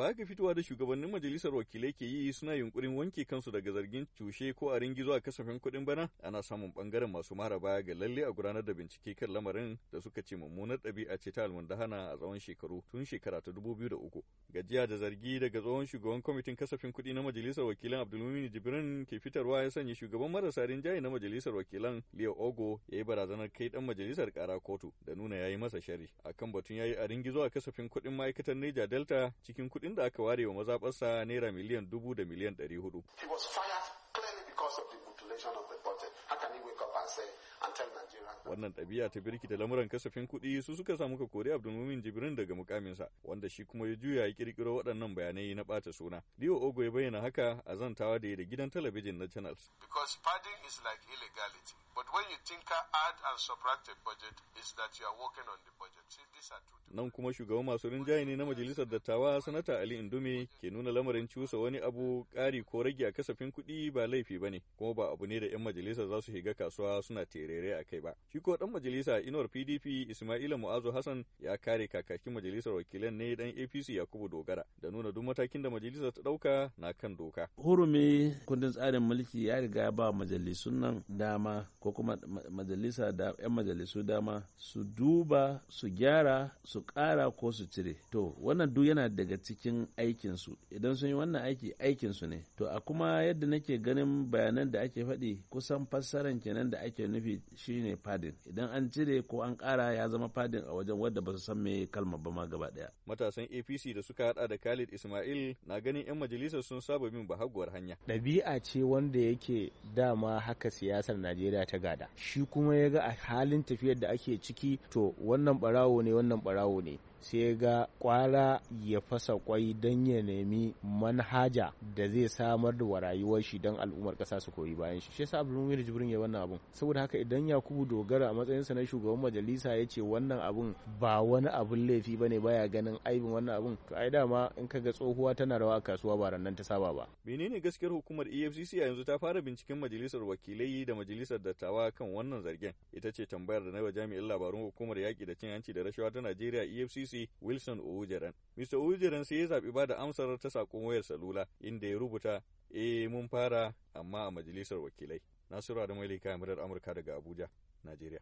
ba fitowa da shugabannin majalisar wakilai ke yi suna yunkurin wanke kansu daga zargin cushe ko a ringi a kasafin kuɗin bana ana samun bangaren masu mara baya ga lalle a gudanar da bincike kan lamarin da suka ce mummunar ɗabi'a ce ta almundahana a tsawon shekaru tun shekara ta dubu biyu da uku gajiya da zargi daga tsohon shugaban kwamitin kasafin kuɗi na majalisar wakilan abdulmumin jibrin ke fitarwa ya sanya shugaban marasa rinjaye na majalisar wakilan leo ogo ya yi barazanar kai dan majalisar kara kotu da nuna ya yi masa shari akan batun ya yi a ringi a kasafin kuɗin ma'aikatar neja delta cikin kuɗin inda aka ware wa mazaɓarsa naira miliyan dubu da miliyan ɗari hudu. because of the mutilation of the budget. How can he wake up and say and tell Nigeria? Wannan ɗabi'a ta birki da lamuran kasafin kuɗi su suka samu ka kori Abdulmumin Jibrin daga mukaminsa wanda shi kuma ya juya ya kirkiro waɗannan bayanai na ɓata suna. Leo Ogo ya bayyana haka a zantawa da ya da gidan talabijin na channels. Because padding is like illegality. But when you tinker, add and subtract a budget, is that you are working on the budget. See, these are two Nan kuma shugaban masu rinjaye ne na majalisar dattawa sanata Ali Indume ke nuna lamarin cusa wani abu ƙari ko rage a kasafin kuɗi ba laifi ba ne kuma ba abu ne da 'yan majalisa za su shiga kasuwa suna terere a kai ba shi ko dan majalisa inuwar pdp ismaila mu'azu hassan ya kare kakakin majalisar wakilan ne dan apc yakubu dogara da nuna duk matakin da majalisa ta ɗauka na kan doka hurumi kundin tsarin mulki ya riga ba majalisun nan dama ko kuma majalisa da 'yan majalisu dama su duba su gyara su kara ko su cire to wannan duk yana daga cikin aikinsu idan sun yi wannan aiki aikinsu ne to a kuma yadda nake ganin bayanan da ake faɗi kusan fassaran kenan da ake nufi shine fadin idan an cire ko an ƙara ya zama fadin a wajen wadda ba su san me kalma ba ma gaba ɗaya. Matasan APC da suka haɗa da Khalid Ismail na ganin 'yan majalisar sun saba bin bahaguwar hanya. Ɗabi'a ce wanda yake dama haka siyasar Najeriya ta gada. Shi kuma ya ga a halin tafiyar da ake ciki to wannan barawo ne wannan barawo ne. sai ga kwara ya fasa kwai don ya nemi manhaja da zai samar da rayuwar shi don al'ummar kasa su koyi bayan shi shi yasa Abdulmumin Jibrin ya wannan abun saboda haka idan Yakubu Dogara a sa na shugaban majalisa ya ce wannan abun ba wani abun laifi bane baya ganin aibin wannan abun to ai dama in ka ga tsohuwa tana rawa a kasuwa ba nan ta saba ba menene gaskiyar hukumar EFCC a yanzu ta fara binciken majalisar wakilai da majalisar dattawa kan wannan zargen ita ce tambayar da na jami'in labarun hukumar yaki da cin hanci da rashawa ta Najeriya EFCC BBC Wilson Ojeren. Mr. Ojeren sai ya zaɓi ba da amsar ta saƙon wayar salula inda ya rubuta eh mun fara amma a majalisar wakilai. Nasiru Adamu Ilika Murar Amurka daga Abuja, Najeriya.